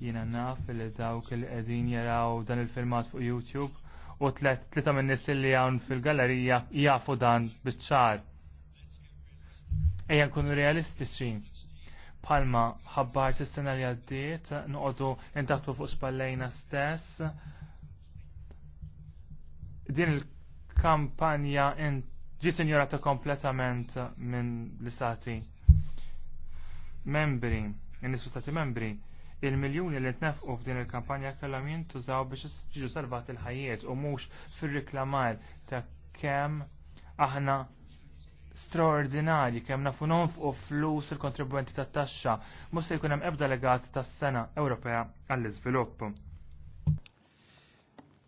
Jiena naf li dawk il qegħdin jaraw dan il-filmat fuq YouTube u tlita minn nies li hawn fil-gallerija jafu dan biċ-ċar. Ejja nkunu realistiċi. Palma ħabbart is-sena li għaddiet noqogħdu intaħtu fuq spallejna stess din il-kampanja ġiet injorata kompletament minn l-istati membri, n-nisu stati membri, il-miljoni li tnefqu f'din il-kampanja kellhom jintużaw biex jiġu salvat il-ħajjiet u mhux fir-riklamar ta' kemm aħna straordinari kemm nafu nonfqu flus il-kontribwenti tat-taxxa mhux se jkun hemm ebda legat tas-sena Ewropea għall-iżvilupp.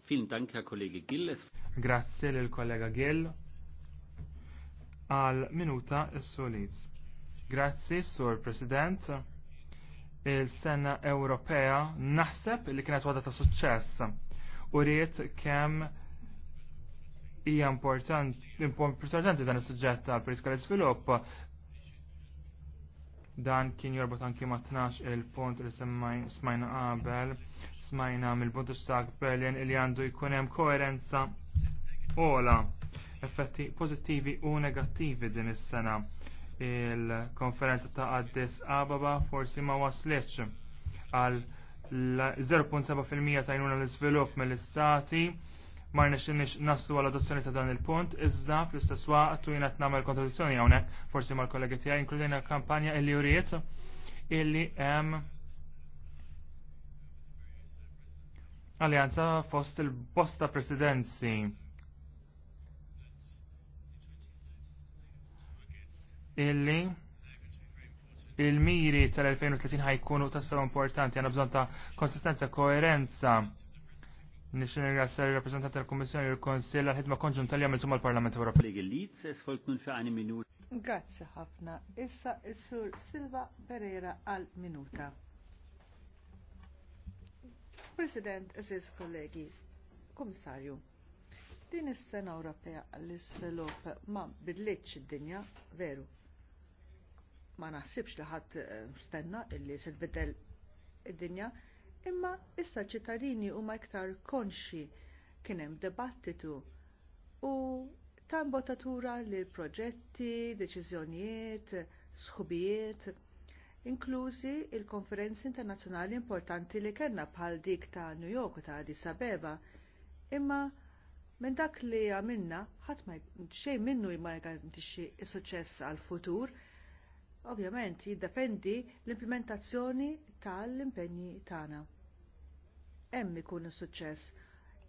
Fin tanka kollegi Gilles. Grazie lill kollega Gill. Għal minuta s-solit. Grazzi, Sur President. Il-sena Ewropea naħseb li kienet wada ta' suċċess u rrit kemm hija importanti dan is-suġġett għal politika l isvilupp Dan kien jorbot anki ma' 12 il-punt li smajna qabel, smajna mill-Bundestag Berlin li għandu jkun hemm koerenza ola, effetti pożittivi u negattivi din is-sena. Il-konferenza ta' Addis Ababa forsi ma waslitx għal 0.7% tajnuna l iżvilupp mill-istati ma nix naslu għal-adozzjoni ta' dan il-punt, iżda fl-istess waqt u jina t-namel kontradizzjoni hawnhekk forsi mal-kollegi tiegħi inkludejna kampanja illi uriet illi hemm alleanza fost il-bosta presidenzi illi il-miri tal-2030 ħajkunu tassaw importanti għanna bżon ta' konsistenza, koerenza il ringrazzar il-rappresentant tal komissjoni il l-Konsil għal-ħidma tal li għamiltu mal-Parlament Ewropa. Grazzi ħafna. Issa is-Sur Silva Pereira għal-minuta. President, eżiz kollegi, Komissarju, din is-sena Ewropea għall isvelop ma bidlitx id-dinja, veru. Ma naħsibx li ħadd eh, stenna illi se tbidel id-dinja, id dinja imma issa ċittadini huma iktar konxi kien hemm dibattitu u ta' imbotatura li proġetti, deċiżjonijiet, sħubijiet, inklużi l konferenzi internazzjonali importanti li kellna bħal dik ta' New York u ta' Addis Abeba, imma minn dak li għamilna ħadd ma xejn minnu ma jgarantixxi s-suċċess għall futur ovvjament jiddependi l-implementazzjoni tal-impenji tagħna hemm ikun is-suċċess.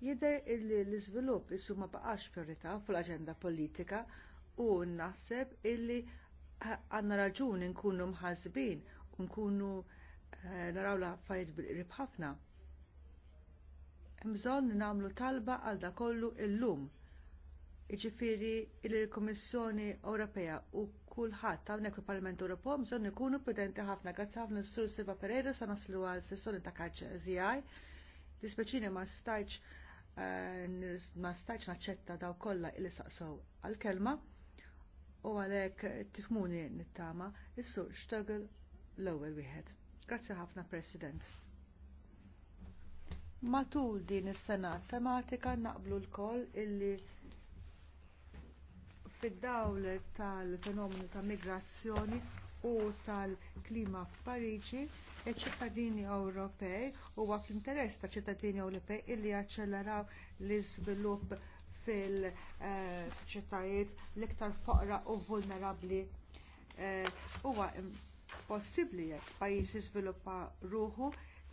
Jidher illi l-iżvilupp isu ma baqax priorità fl-aġenda politika u naħseb illi għandna raġun nkunu mħasbin u nkunu naraw l-affarijiet bil-qrib ħafna. Hemm bżonn nagħmlu talba għal dakollu llum. Jiġifieri li l-Kummissjoni Ewropea u kulħadd hawnhekk fil-Parlament Ewropew bżonn ikunu prudenti ħafna grazzi ħafna s-Sur Silva Pereira sa naslu għal sessjoni ta' kaċċa Dispeċini ma stajċ eh, ma stajċ naċċetta daw kollha li saqsaw għal-kelma u għalhekk tifmuni nittama issu xtagel l-ewwel wieħed. Grazzi ħafna President. Matul din is-sena tematika naqblu l-koll illi fid-dawl tal-fenomenu ta' migrazzjoni u tal-klima f'Pariġi, iċ-ċittadini Ewropej u fl interess ta' ċittadini Ewropej illi jaċċeleraw l-iżvilupp fil-ċittajiet eh, l-iktar foqra u vulnerabbli. Eh, huwa possibbli jekk pajjiżi żviluppa ruħu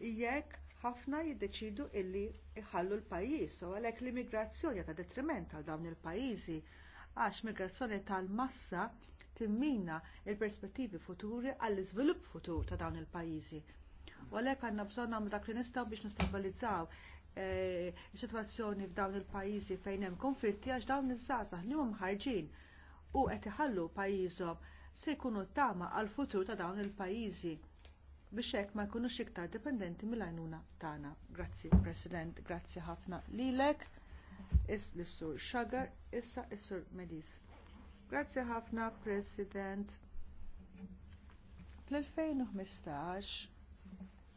jekk ħafna jiddeċidu illi jħallu l-pajjiż u għalhekk l-immigrazzjoni ta' detriment għal dawn il-pajjiżi għax migrazzjoni tal-massa timmina il-perspettivi futuri għall-iżvilupp futur ta' dawn il-pajjiżi. U għalhekk għandna bżonn nagħmlu dak li nistgħu biex nistabilizzaw eh, is-sitwazzjoni f'dawn il-pajjiżi fejn hemm konflitti għax dawn iż-żgħażagħ li ħarġin u qed iħallu pajjiżhom se jkunu tama għall futur ta' dawn il-pajjiżi biex hekk ma jkunux iktar dipendenti mill-għajnuna tagħna. Grazzi President, grazzi ħafna lilek, is l-sur Xagar, issa is-sur Medis. Grazzi ħafna, President. Fl-2015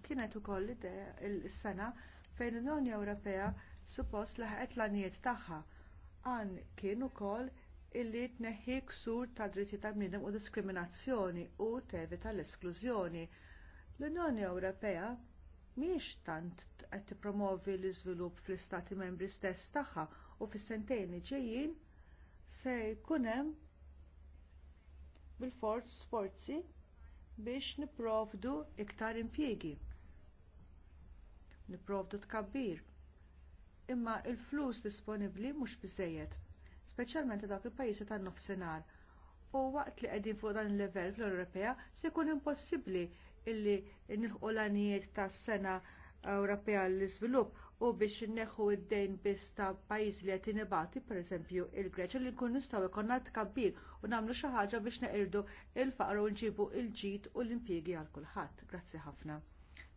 kienet ukoll idea il-sena fejn l-Unjoni Ewropea suppost laħqet l-anijiet tagħha. Għan kien ukoll illi tneħħi ksur ta' dritti ta' bniedem u diskriminazzjoni u tevita l-esklużjoni. L-Unjoni Ewropea mhix tant qed tippromovi l-iżvilupp fl-istati membri stess tagħha u fis-sentejn ġejjin se jkun hemm bil-forz sforzi biex nipprovdu iktar impjiegi. Nipprovdu tkabbir. Imma l flus disponibbli mhux biżżejjed, speċjalment dak il-pajjiżi tan-nofsinhar. U waqt li qegħdin fuq dan il-level fl-Ewropea se jkun impossibbli illi nilħu l-għanijiet tas-sena Ewropea l-iżvilupp u biex neħu id-dejn biss ta' pajjiż li qed inibati, pereżempju l greċja li nkun nistgħu ikonna tkabbir u nagħmlu xi ħaġa biex neqirdu il-faqru u nġibu il-ġid u l-impjiegi għal kulħadd. Grazzi ħafna.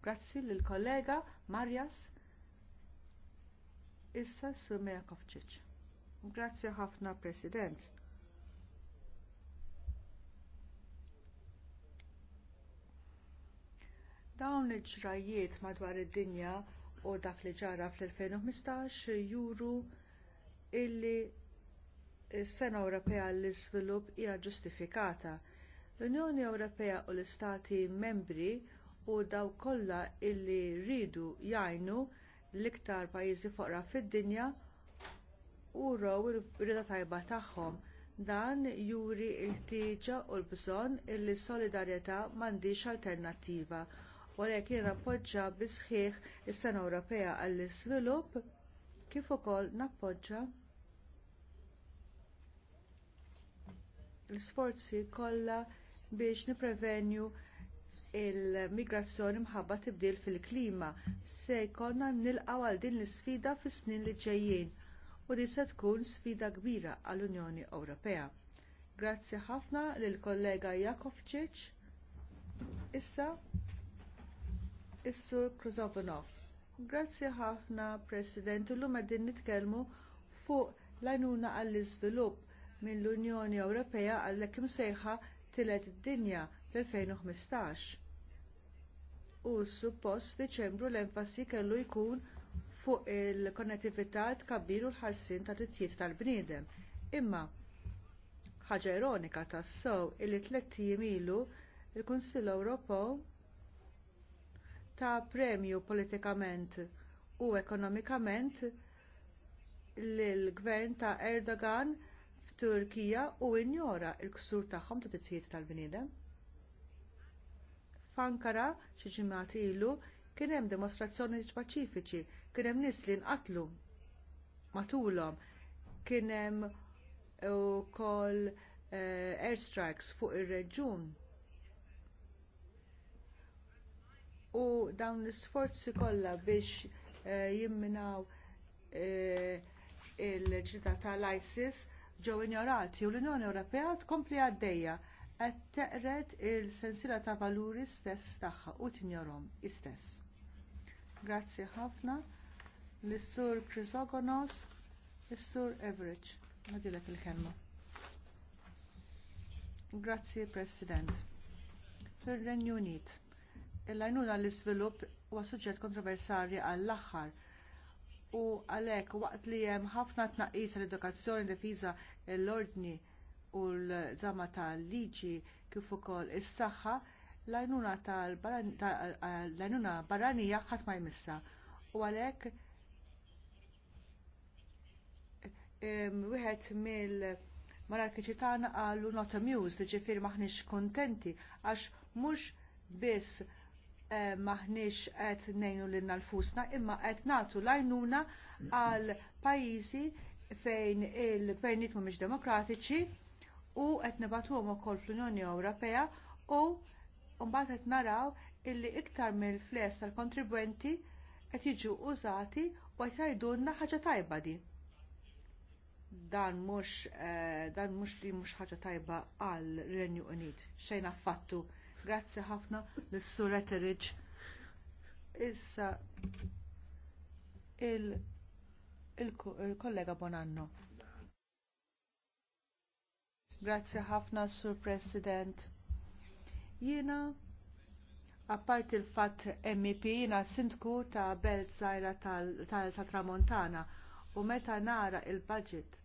Grazzi lill kollega Marjas issa Sumeja Kovċiċ. Grazzi ħafna President. Dawn il-ġrajiet madwar id-dinja u dak li ġara fl-2015 juru illi s-sena Ewropea l-iżvilupp hija ġustifikata. L-Unjoni Ewropea u l-Istati membri u daw kollha illi rridu jgħinu l-iktar pajjiżi foqra fid-dinja u raw rida tajba tagħhom. Dan juri l ħtieġa u l-bżonn illi solidarjetà m'għandix alternattiva u għalhekk rappoġġa appoġġa bisħieħ is-Sena Ewropea għall-iżvilupp kif ukoll nappoġġa l-isforzi kollha biex nipprevenju il-migrazzjoni mħabba tibdil fil-klima se jkollna nilqgħu għal din l-isfida fis-snin li ġejjin u di se tkun sfida kbira għall-Unjoni Ewropea. Grazzi ħafna lill kollega Jakovčić. Issa is-Sur Kruzovanov. Grazzi ħafna, President, illum qegħdin nitkellmu fuq l-għajnuna għall-iżvilupp mill-Unjoni Ewropea għallek imsejħa tilet id-dinja fl-2015. U suppost ċembru l-enfasi kellu jkun fuq il-konnettività tkabbir u l-ħarsien ta' drittijiet tal-bniedem. Imma ħaġa ironika tas-sew illi tliet ilu il-Kunsill Ewropew ta' premju politikament u ekonomikament lill gvern ta' Erdogan f'Turkija u injora l ksur tagħhom ta' tizzijiet tal-bniedem. F'Ankara xi ġimgħat ilu kien hemm dimostrazzjoni paċifiċi, kien hemm nies li nqatlu matulhom, kien hemm ukoll eh, airstrikes fuq ir-reġjun u dawn l-sforzi kollha biex eh, jimminaw eh, il-ġita tal-ISIS ġew injorati u l-Unjoni Ewropea tkompli għaddejja qed teqret il-sensila ta' valuri stess tagħha u tinjorhom istess. Grazzi ħafna lis-Sur Crisogonos, is-Sur Everidge. Nadilek il-kelma. Grazzi President. Fir-Renju il għajnuna l-iżvilupp huwa suġġett kontroversali għall-aħħar u għalhekk waqt li hemm ħafna tnaqqis l-edukazzjoni defiża l-ordni u l-żama tal-liġi kif ukoll is-saħħa l-għajnuna tal-għajnuna barranija ħadd ma jmissa u għalhekk wieħed mill mararkiċi tagħna qalu not amused, ġifieri maħniex kuntenti għax mhux biss Eh, maħniex qed nejnu l nfusna imma qed natu lajnuna għal pajjiżi fejn il-gvernijiet mhumiex demokratiċi u qed nibatuhom ukoll fl-Unjoni Ewropea u mbagħad qed naraw illi iktar mill-fles tal-kontribwenti qed jiġu użati u qed jgħidulna ħaġa tajba di. Dan mhux eh, dan mhux li mhux ħaġa tajba għal Renju Unit xejn affattu. fattu Grazzi ħafna l-Sur Etheridge. Issa il-kollega il Bonanno. Grazzi ħafna, Sur President. Jiena apparti il fatt MEP jina sindku ta' Belt Zajra tal-Tramontana u meta nara il-budget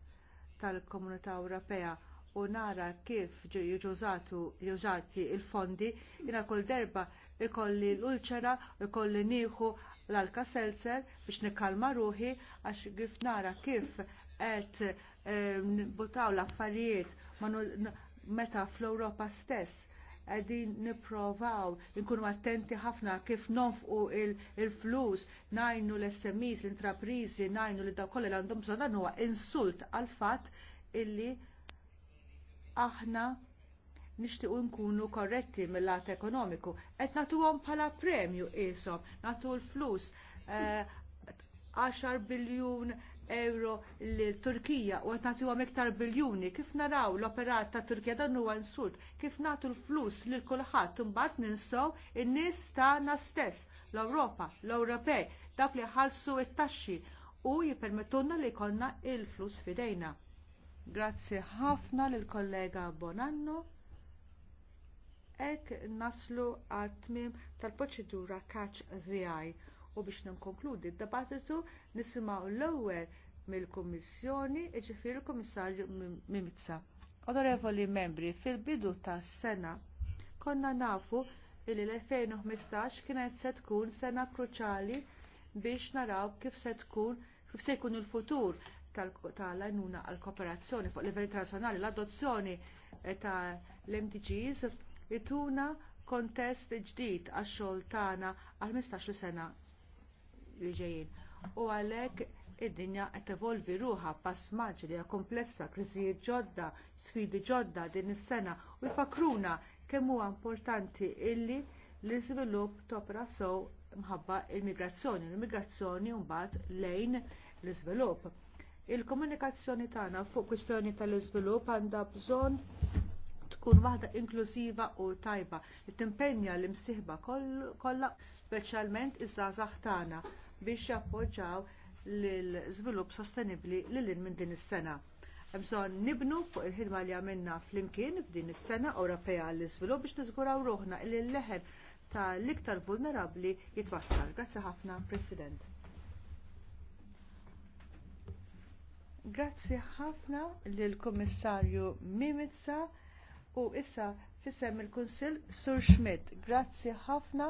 tal-Komunità Ewropea u nara kif jużati il-fondi jina kol derba ikolli l-ulċera ikolli nieħu l-alka seltzer biex nikkalma ruħi għax kif nara kif qed butaw l-affarijiet meta fl-Ewropa stess għedin niprovaw, nkunu attenti ħafna kif nonfqu il-flus, il najnu l-SMEs, l-intraprizi, najnu li daw kollha għandhom bżonn huwa insult għal fatt illi aħna nixtiequ nkunu korretti mill-lat ekonomiku. natu nagħtuhom bħala premju qishom, nagħtu l-flus 10 eh, biljun euro lil Turkija u qed nagħtuhom iktar biljuni kif naraw l-operat ta' Turkija dan huwa insult, kif nagħtu l-flus lil kulħadd imbagħad ninsew in-nies tagħna stess, l-Ewropa, l-Ewropej, dak li ħalsu t taxxi u jippermettulna li jkollna l flus fidejna Grazzi ħafna lill kollega Bonanno. Ek naslu għat-tmiem tal-proċedura kaċ ZI u biex ninkonkludi d-dibattitu nisimgħu l-ewwel mill-Kummissjoni jiġifieri l-Kummissarju Mimizza. Onorevoli membri, fil-bidu tas sena konna nafu li l-2015 kienet se tkun sena kruċali biex naraw kif se tkun kif se jkun il-futur tal-għajnuna għal-kooperazzjoni fuq livell internazzjonali l-adozzjoni eh, tal-MDGs ituna kontest ġdid għax-xogħol tagħna għal 15 sena li ġejjin. U għalhekk id-dinja qed tevolvi ruħha pass maġli komplessa kriżijiet ġodda, sfidi ġodda din is-sena u jfakruna kemm huwa importanti illi l-iżvilupp topra sew mħabba l-migrazzjoni, l immigrazzjoni mbagħad lejn l-iżvilupp. Il-komunikazzjoni tagħna fuq kwistjoni tal-iżvilupp għandha bżonn tkun waħda inklużiva u tajba li timpenja l-imsieħba kollha speċjalment iż-żgħażagħ tagħna biex jappoġġjaw l-iżvilupp sostenibbli lil minn din is-sena. Bżonn nibnu fuq il-ħidma li għamilna flimkien f'din is-sena Ewropea għall-iżvilupp biex niżguraw ruħna li l-leħen tal-iktar vulnerabbli jitwassal. Grazzi ħafna, President. Grazzi ħafna lill kummissarju Mimica u issa fissem il kunsill Sur Schmidt. Grazzi ħafna,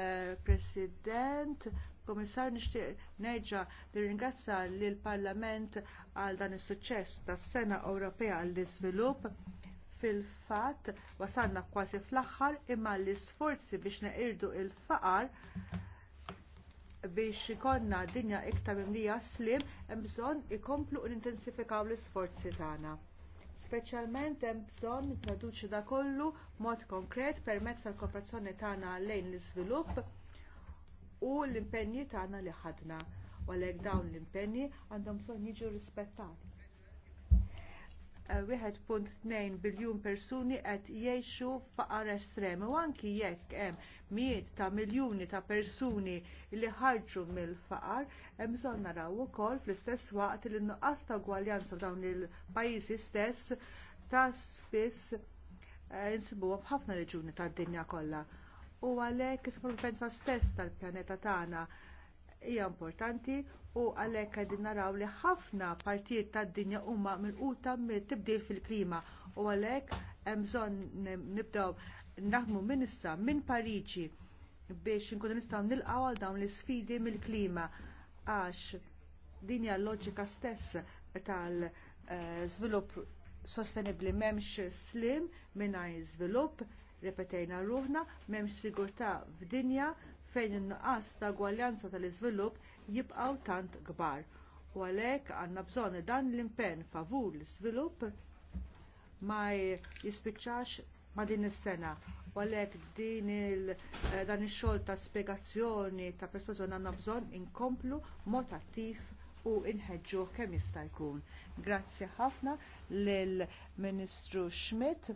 eh, President, Komissar nixtieq nerġa' nirringrazza lill parlament għal dan is-suċċess tas-Sena Ewropea għall-Iżvilupp fil-fatt wasalna kważi fl-aħħar imma l-isforzi biex neqirdu l faqar biex ikonna dinja iktar mimlija slim, hemm bżonn ikomplu nintensifikaw l-isforzi tagħna. Speċjalment hemm bżonn nipproduċi da kollu mod konkret permezz tal-kooperazzjoni tagħna lejn l-iżvilupp u l-impenji tagħna li ħadna. U għalhekk dawn l-impenji għandhom bżonn jiġu rispettati. 1.2 eh, biljun persuni qed jgħixu faqar estrem u anki jekk hemm mijiet ta' miljuni ta' persuni li ħarġu mill-faqar hemm bżonn naraw ukoll fl-istess waqt li nuqqas ta' gwaljanza f'dawn il-pajjiżi stess ta' spiss eh, insibuha f'ħafna reġuni tad-dinja kollha. U għalhekk is-sopravvivenza stess tal-pjaneta tagħna hija importanti u għalhekk qegħdin naraw li ħafna partijiet tad-dinja huma milquta mit-tibdil fil-klima u għalhekk hemm bżonn nibdew naħdmu minn issa minn Pariġi biex inkunu nistgħu nilqgħu għal dawn l-isfidi mill-klima għax din hija l-loġika stess tal-żvilupp sostenibbli m'hemmx slim mingħajr żvilupp ripetejna ruħna, m'hemmx sigurtà f'dinja fejn in-nuqqas ta' gwaljanza tal-iżvilupp jibqgħu tant kbar. U għalhekk għandna bżonn dan l-impenn favur l-iżvilupp ma jispiċċax ma din is-sena. U għalhekk din eh, dan ix-xogħol ta' spjegazzjoni ta' persważjoni għandna bżonn inkomplu mod attiv u inħeġġu kemm jista' jkun. Grazzi ħafna lill Ministru Schmidt.